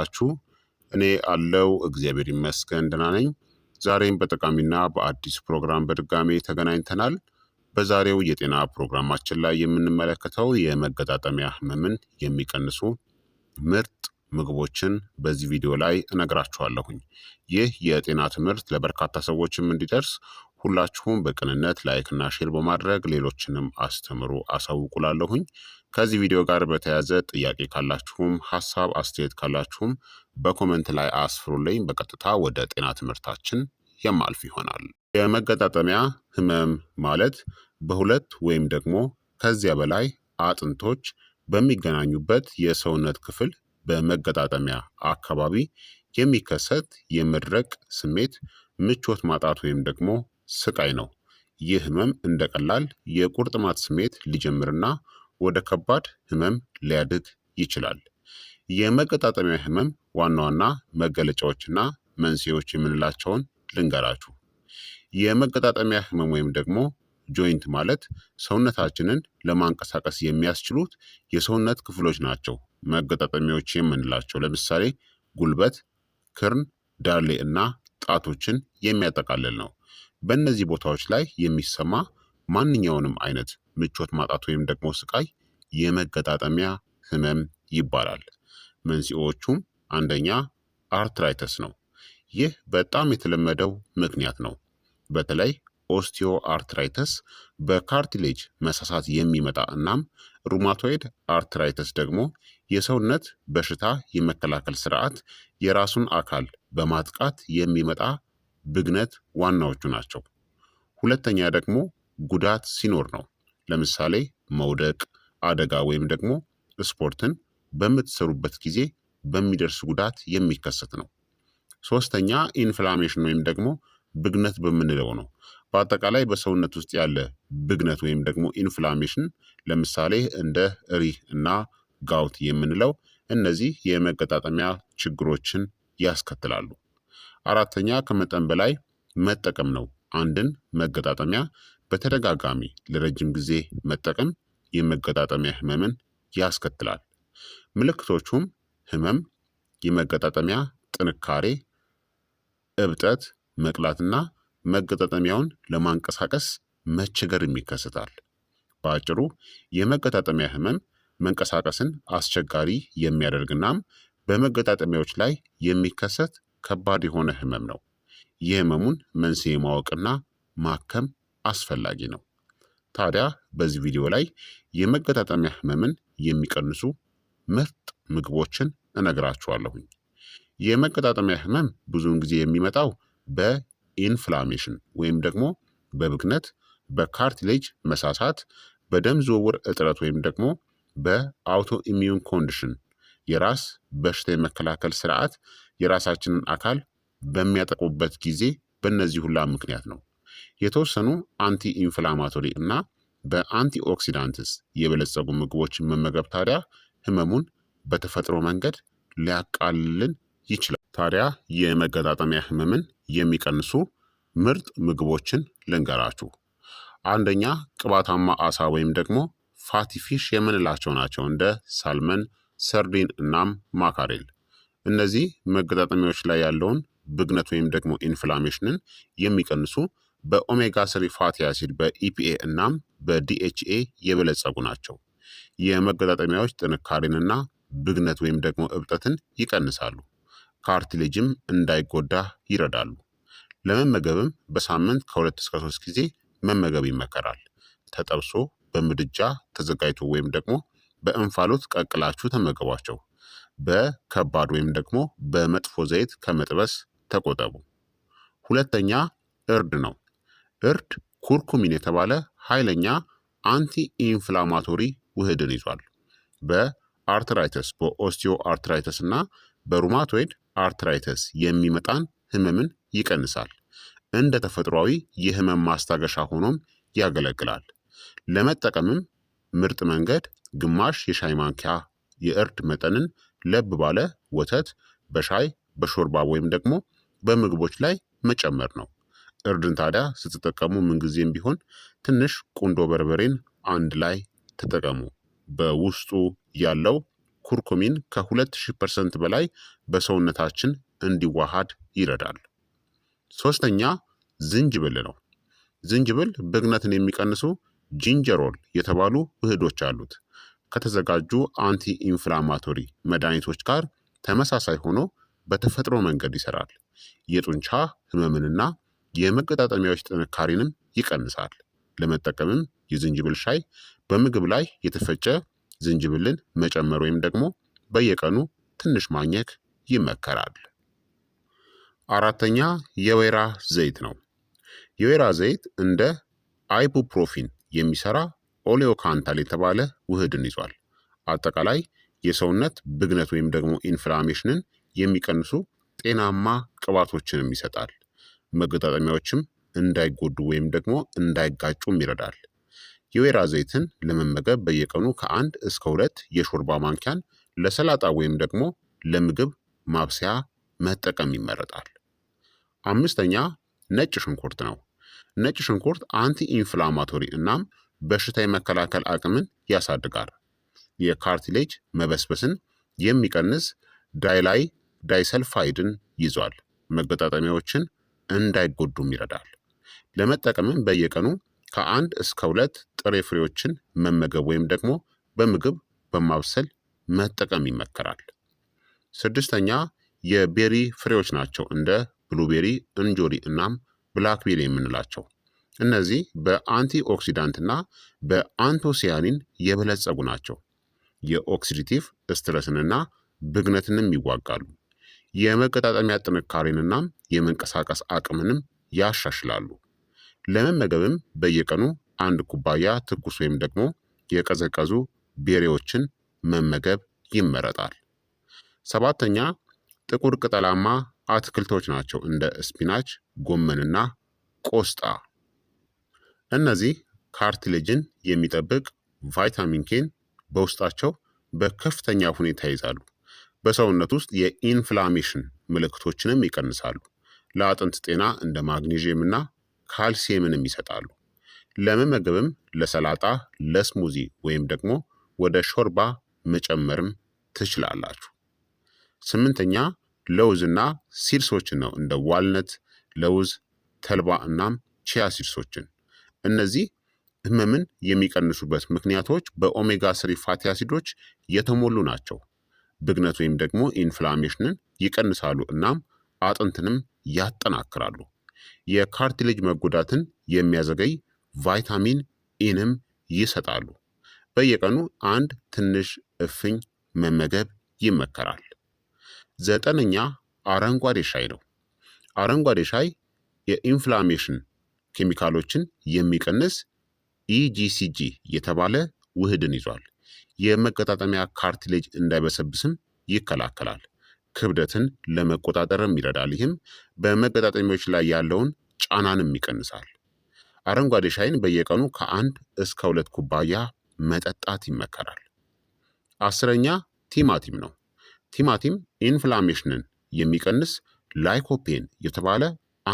ናችሁ? እኔ አለው እግዚአብሔር ይመስገን ደህና ነኝ። ዛሬም በጠቃሚና በአዲስ ፕሮግራም በድጋሜ ተገናኝተናል። በዛሬው የጤና ፕሮግራማችን ላይ የምንመለከተው የመገጣጠሚያ ህመምን የሚቀንሱ ምርጥ ምግቦችን በዚህ ቪዲዮ ላይ እነግራችኋለሁኝ። ይህ የጤና ትምህርት ለበርካታ ሰዎችም እንዲደርስ ሁላችሁም በቅንነት ላይክና ሼር በማድረግ ሌሎችንም አስተምሩ አሳውቁላለሁኝ። ከዚህ ቪዲዮ ጋር በተያያዘ ጥያቄ ካላችሁም ሀሳብ አስተያየት ካላችሁም በኮመንት ላይ አስፍሩልኝ። በቀጥታ ወደ ጤና ትምህርታችን የማልፍ ይሆናል። የመገጣጠሚያ ህመም ማለት በሁለት ወይም ደግሞ ከዚያ በላይ አጥንቶች በሚገናኙበት የሰውነት ክፍል በመገጣጠሚያ አካባቢ የሚከሰት የመድረቅ ስሜት፣ ምቾት ማጣት ወይም ደግሞ ስቃይ ነው። ይህ ህመም እንደ ቀላል የቁርጥማት ስሜት ሊጀምርና ወደ ከባድ ህመም ሊያድግ ይችላል። የመገጣጠሚያ ህመም ዋና ዋና መገለጫዎችና መንስኤዎች የምንላቸውን ልንገራችሁ። የመገጣጠሚያ ህመም ወይም ደግሞ ጆይንት ማለት ሰውነታችንን ለማንቀሳቀስ የሚያስችሉት የሰውነት ክፍሎች ናቸው። መገጣጠሚያዎች የምንላቸው ለምሳሌ ጉልበት፣ ክርን፣ ዳሌ እና ጣቶችን የሚያጠቃልል ነው። በእነዚህ ቦታዎች ላይ የሚሰማ ማንኛውንም አይነት ምቾት ማጣት ወይም ደግሞ ስቃይ የመገጣጠሚያ ህመም ይባላል። መንስኤዎቹም አንደኛ አርትራይተስ ነው። ይህ በጣም የተለመደው ምክንያት ነው። በተለይ ኦስቲዮ አርትራይተስ በካርቲሌጅ መሳሳት የሚመጣ እናም ሩማቶይድ አርትራይተስ ደግሞ የሰውነት በሽታ የመከላከል ስርዓት የራሱን አካል በማጥቃት የሚመጣ ብግነት ዋናዎቹ ናቸው። ሁለተኛ ደግሞ ጉዳት ሲኖር ነው። ለምሳሌ መውደቅ፣ አደጋ ወይም ደግሞ ስፖርትን በምትሰሩበት ጊዜ በሚደርስ ጉዳት የሚከሰት ነው። ሶስተኛ ኢንፍላሜሽን ወይም ደግሞ ብግነት በምንለው ነው። በአጠቃላይ በሰውነት ውስጥ ያለ ብግነት ወይም ደግሞ ኢንፍላሜሽን ለምሳሌ እንደ ሪህ እና ጋውት የምንለው እነዚህ የመገጣጠሚያ ችግሮችን ያስከትላሉ። አራተኛ ከመጠን በላይ መጠቀም ነው። አንድን መገጣጠሚያ በተደጋጋሚ ለረጅም ጊዜ መጠቀም የመገጣጠሚያ ህመምን ያስከትላል። ምልክቶቹም ህመም፣ የመገጣጠሚያ ጥንካሬ፣ እብጠት፣ መቅላትና መገጣጠሚያውን ለማንቀሳቀስ መቸገር ይከሰታል። በአጭሩ የመገጣጠሚያ ህመም መንቀሳቀስን አስቸጋሪ የሚያደርግናም በመገጣጠሚያዎች ላይ የሚከሰት ከባድ የሆነ ህመም ነው። የህመሙን መንስኤ ማወቅና ማከም አስፈላጊ ነው። ታዲያ በዚህ ቪዲዮ ላይ የመገጣጠሚያ ህመምን የሚቀንሱ ምርጥ ምግቦችን እነግራችኋለሁኝ። የመገጣጠሚያ ህመም ብዙውን ጊዜ የሚመጣው በኢንፍላሜሽን ወይም ደግሞ በብክነት፣ በካርትሌጅ መሳሳት፣ በደም ዝውውር እጥረት ወይም ደግሞ በአውቶ ኢሚዩን ኮንዲሽን የራስ በሽታ የመከላከል ስርዓት የራሳችንን አካል በሚያጠቁበት ጊዜ በእነዚህ ሁላ ምክንያት ነው። የተወሰኑ አንቲ ኢንፍላማቶሪ እና በአንቲ ኦክሲዳንትስ የበለጸጉ ምግቦችን መመገብ ታዲያ ህመሙን በተፈጥሮ መንገድ ሊያቃልልን ይችላል። ታዲያ የመገጣጠሚያ ህመምን የሚቀንሱ ምርጥ ምግቦችን ልንገራችሁ። አንደኛ ቅባታማ አሳ ወይም ደግሞ ፋቲፊሽ የምንላቸው ናቸው እንደ ሳልመን፣ ሰርዲን እናም ማካሬል። እነዚህ መገጣጠሚያዎች ላይ ያለውን ብግነት ወይም ደግሞ ኢንፍላሜሽንን የሚቀንሱ በኦሜጋ ስሪ ፋቲ አሲድ በኢፒኤ እናም በዲኤችኤ የበለጸጉ ናቸው። የመገጣጠሚያዎች ጥንካሬንና ብግነት ወይም ደግሞ እብጠትን ይቀንሳሉ። ካርትሌጅም እንዳይጎዳ ይረዳሉ። ለመመገብም በሳምንት ከሁለት እስከ ሶስት ጊዜ መመገብ ይመከራል። ተጠብሶ በምድጃ ተዘጋጅቶ ወይም ደግሞ በእንፋሎት ቀቅላችሁ ተመገቧቸው። በከባድ ወይም ደግሞ በመጥፎ ዘይት ከመጥበስ ተቆጠቡ። ሁለተኛ እርድ ነው። እርድ ኩርኩሚን የተባለ ኃይለኛ አንቲ ኢንፍላማቶሪ ውህድን ይዟል። በአርትራይተስ በኦስቲዮ አርትራይተስ እና በሩማቶይድ አርትራይተስ የሚመጣን ህመምን ይቀንሳል። እንደ ተፈጥሯዊ የህመም ማስታገሻ ሆኖም ያገለግላል። ለመጠቀምም ምርጥ መንገድ ግማሽ የሻይ ማንኪያ የእርድ መጠንን ለብ ባለ ወተት በሻይ በሾርባ ወይም ደግሞ በምግቦች ላይ መጨመር ነው። እርድን ታዲያ ስትጠቀሙ ምንጊዜም ቢሆን ትንሽ ቁንዶ በርበሬን አንድ ላይ ተጠቀሙ። በውስጡ ያለው ኩርኩሚን ከ20% ፐርሰንት በላይ በሰውነታችን እንዲዋሃድ ይረዳል። ሶስተኛ ዝንጅብል ነው። ዝንጅብል ብግነትን የሚቀንሱ ጂንጀሮል የተባሉ ውህዶች አሉት። ከተዘጋጁ አንቲ ኢንፍላማቶሪ መድኃኒቶች ጋር ተመሳሳይ ሆኖ በተፈጥሮ መንገድ ይሰራል። የጡንቻ ህመምንና የመገጣጠሚያዎች ጥንካሬንም ይቀንሳል። ለመጠቀምም የዝንጅብል ሻይ በምግብ ላይ የተፈጨ ዝንጅብልን መጨመር ወይም ደግሞ በየቀኑ ትንሽ ማኘክ ይመከራል። አራተኛ የወይራ ዘይት ነው። የወይራ ዘይት እንደ አይቡፕሮፊን የሚሰራ ኦሌዮካንታል የተባለ ውህድን ይዟል። አጠቃላይ የሰውነት ብግነት ወይም ደግሞ ኢንፍላሜሽንን የሚቀንሱ ጤናማ ቅባቶችንም ይሰጣል። መገጣጠሚያዎችም እንዳይጎዱ ወይም ደግሞ እንዳይጋጩም ይረዳል። የወይራ ዘይትን ለመመገብ በየቀኑ ከአንድ እስከ ሁለት የሾርባ ማንኪያን ለሰላጣ ወይም ደግሞ ለምግብ ማብሰያ መጠቀም ይመረጣል። አምስተኛ ነጭ ሽንኩርት ነው። ነጭ ሽንኩርት አንቲ ኢንፍላማቶሪ እናም በሽታ የመከላከል አቅምን ያሳድጋል። የካርቲሌጅ መበስበስን የሚቀንስ ዳይላይ ዳይሰልፋይድን ይዟል። መገጣጠሚያዎችን እንዳይጎዱም ይረዳል። ለመጠቀምም በየቀኑ ከአንድ እስከ ሁለት ጥሬ ፍሬዎችን መመገብ ወይም ደግሞ በምግብ በማብሰል መጠቀም ይመከራል። ስድስተኛ የቤሪ ፍሬዎች ናቸው። እንደ ብሉቤሪ፣ እንጆሪ እናም ብላክቤሪ የምንላቸው እነዚህ በአንቲ ኦክሲዳንትና በአንቶሲያኒን የበለጸጉ ናቸው። የኦክሲዲቲቭ ስትረስንና ብግነትንም ይዋጋሉ። የመገጣጠሚያ ጥንካሬንናም የመንቀሳቀስ አቅምንም ያሻሽላሉ። ለመመገብም በየቀኑ አንድ ኩባያ ትኩስ ወይም ደግሞ የቀዘቀዙ ቤሬዎችን መመገብ ይመረጣል። ሰባተኛ ጥቁር ቅጠላማ አትክልቶች ናቸው፣ እንደ ስፒናች፣ ጎመንና ቆስጣ። እነዚህ ካርትሌጅን የሚጠብቅ ቫይታሚን ኬን በውስጣቸው በከፍተኛ ሁኔታ ይዛሉ። በሰውነት ውስጥ የኢንፍላሜሽን ምልክቶችንም ይቀንሳሉ። ለአጥንት ጤና እንደ ማግኒዥየም እና ካልሲየምንም ይሰጣሉ። ለመመገብም ለሰላጣ፣ ለስሙዚ ወይም ደግሞ ወደ ሾርባ መጨመርም ትችላላችሁ። ስምንተኛ ለውዝና ሲርሶችን ነው እንደ ዋልነት፣ ለውዝ፣ ተልባ እናም ቺያ ሲርሶችን። እነዚህ ህመምን የሚቀንሱበት ምክንያቶች በኦሜጋ ስሪ ፋቲ አሲዶች የተሞሉ ናቸው። ብግነት ወይም ደግሞ ኢንፍላሜሽንን ይቀንሳሉ እናም አጥንትንም ያጠናክራሉ። የካርቲሌጅ መጎዳትን የሚያዘገይ ቫይታሚን ኢንም ይሰጣሉ። በየቀኑ አንድ ትንሽ እፍኝ መመገብ ይመከራል። ዘጠነኛ አረንጓዴ ሻይ ነው። አረንጓዴ ሻይ የኢንፍላሜሽን ኬሚካሎችን የሚቀንስ ኢጂሲጂ e የተባለ ውህድን ይዟል። የመገጣጠሚያ ካርቲሌጅ እንዳይበሰብስም ይከላከላል። ክብደትን ለመቆጣጠርም ይረዳል። ይህም በመገጣጠሚያዎች ላይ ያለውን ጫናንም ይቀንሳል። አረንጓዴ ሻይን በየቀኑ ከአንድ እስከ ሁለት ኩባያ መጠጣት ይመከራል። አስረኛ ቲማቲም ነው። ቲማቲም ኢንፍላሜሽንን የሚቀንስ ላይኮፔን የተባለ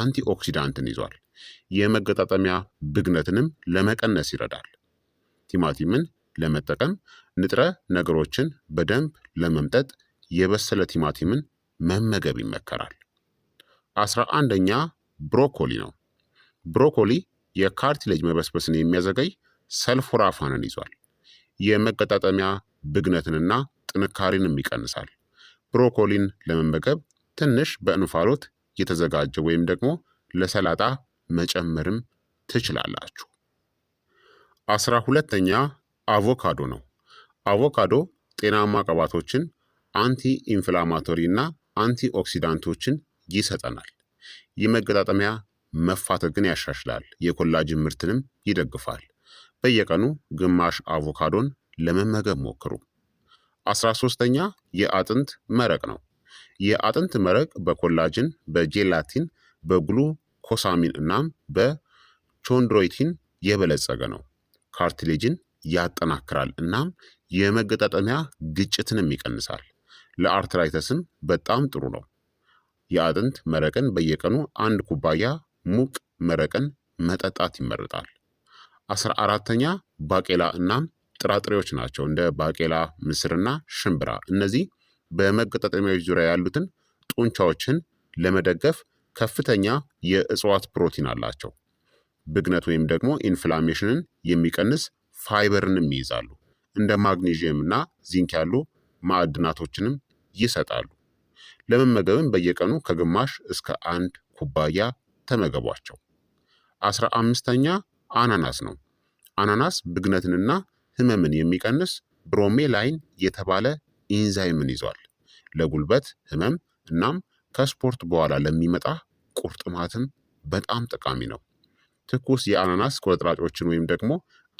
አንቲኦክሲዳንትን ይዟል። የመገጣጠሚያ ብግነትንም ለመቀነስ ይረዳል። ቲማቲምን ለመጠቀም ንጥረ ነገሮችን በደንብ ለመምጠጥ የበሰለ ቲማቲምን መመገብ ይመከራል። አስራ አንደኛ ብሮኮሊ ነው። ብሮኮሊ የካርቲሌጅ መበስበስን የሚያዘገይ ሰልፎራፋንን ይዟል። የመቀጣጠሚያ ብግነትንና ጥንካሬንም ይቀንሳል። ብሮኮሊን ለመመገብ ትንሽ በእንፋሎት የተዘጋጀ ወይም ደግሞ ለሰላጣ መጨመርም ትችላላችሁ። አስራ ሁለተኛ አቮካዶ ነው። አቮካዶ ጤናማ ቅባቶችን አንቲ ኢንፍላማቶሪ እና አንቲ ኦክሲዳንቶችን ይሰጠናል። የመገጣጠሚያ መፋተት መፋተግን ያሻሽላል፣ የኮላጅን ምርትንም ይደግፋል። በየቀኑ ግማሽ አቮካዶን ለመመገብ ሞክሩ። አስራ ሶስተኛ የአጥንት መረቅ ነው። የአጥንት መረቅ በኮላጅን፣ በጄላቲን፣ በግሉ ኮሳሚን እናም በቾንድሮይቲን የበለጸገ ነው። ካርትሌጅን ያጠናክራል እናም የመገጣጠሚያ ግጭትንም ይቀንሳል። ለአርትራይተስን በጣም ጥሩ ነው። የአጥንት መረቅን በየቀኑ አንድ ኩባያ ሙቅ መረቅን መጠጣት ይመረጣል። አስራ አራተኛ ባቄላ እናም ጥራጥሬዎች ናቸው። እንደ ባቄላ፣ ምስርና ሽምብራ። እነዚህ በመገጣጠሚያዎች ዙሪያ ያሉትን ጡንቻዎችን ለመደገፍ ከፍተኛ የእጽዋት ፕሮቲን አላቸው። ብግነት ወይም ደግሞ ኢንፍላሜሽንን የሚቀንስ ፋይበርንም ይይዛሉ። እንደ ማግኔዥየምና ዚንክ ያሉ ማዕድናቶችንም ይሰጣሉ። ለመመገብም በየቀኑ ከግማሽ እስከ አንድ ኩባያ ተመገቧቸው። አስራ አምስተኛ አናናስ ነው። አናናስ ብግነትንና ህመምን የሚቀንስ ብሮሜላይን የተባለ ኢንዛይምን ይዟል። ለጉልበት ህመም እናም ከስፖርት በኋላ ለሚመጣ ቁርጥማትም በጣም ጠቃሚ ነው። ትኩስ የአናናስ ቁርጥራጮችን ወይም ደግሞ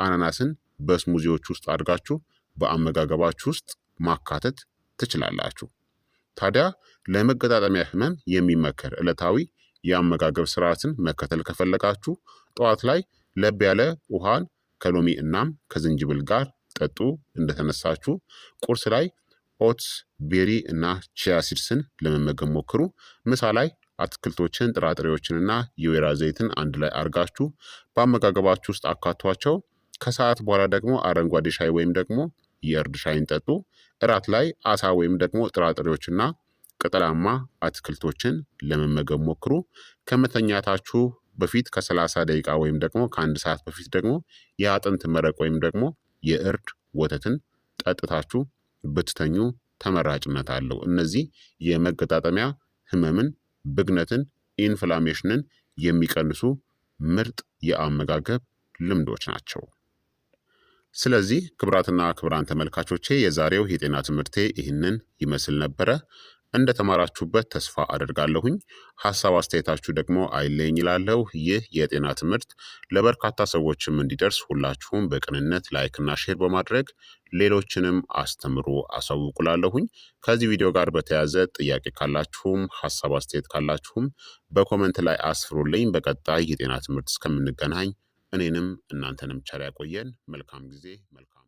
አናናስን በስሙዚዎች ውስጥ አድርጋችሁ በአመጋገባችሁ ውስጥ ማካተት ትችላላችሁ። ታዲያ ለመገጣጠሚያ ህመም የሚመከር ዕለታዊ የአመጋገብ ስርዓትን መከተል ከፈለጋችሁ ጠዋት ላይ ለብ ያለ ውሃን ከሎሚ እናም ከዝንጅብል ጋር ጠጡ እንደተነሳችሁ። ቁርስ ላይ ኦትስ፣ ቤሪ እና ቺያሲድስን ለመመገብ ሞክሩ። ምሳ ላይ አትክልቶችን፣ ጥራጥሬዎችንና የወይራ ዘይትን አንድ ላይ አርጋችሁ በአመጋገባችሁ ውስጥ አካቷቸው። ከሰዓት በኋላ ደግሞ አረንጓዴ ሻይ ወይም ደግሞ የእርድ ሻይን ጠጡ። እራት ላይ አሳ ወይም ደግሞ ጥራጥሬዎችና ቅጠላማ አትክልቶችን ለመመገብ ሞክሩ። ከመተኛታችሁ በፊት ከ30 ደቂቃ ወይም ደግሞ ከአንድ ሰዓት በፊት ደግሞ የአጥንት መረቅ ወይም ደግሞ የእርድ ወተትን ጠጥታችሁ ብትተኙ ተመራጭነት አለው። እነዚህ የመገጣጠሚያ ህመምን፣ ብግነትን፣ ኢንፍላሜሽንን የሚቀንሱ ምርጥ የአመጋገብ ልምዶች ናቸው። ስለዚህ ክብራትና ክብራን ተመልካቾቼ የዛሬው የጤና ትምህርቴ ይህንን ይመስል ነበረ። እንደተማራችሁበት ተስፋ አደርጋለሁኝ። ሀሳብ አስተያየታችሁ ደግሞ አይለኝ ይላለሁ። ይህ የጤና ትምህርት ለበርካታ ሰዎችም እንዲደርስ ሁላችሁም በቅንነት ላይክና ሼር በማድረግ ሌሎችንም አስተምሩ አሳውቁላለሁኝ። ከዚህ ቪዲዮ ጋር በተያያዘ ጥያቄ ካላችሁም ሀሳብ አስተያየት ካላችሁም በኮመንት ላይ አስፍሩልኝ። በቀጣይ የጤና ትምህርት እስከምንገናኝ እኔንም እናንተንም ቸር ያቆየን። መልካም ጊዜ መልካም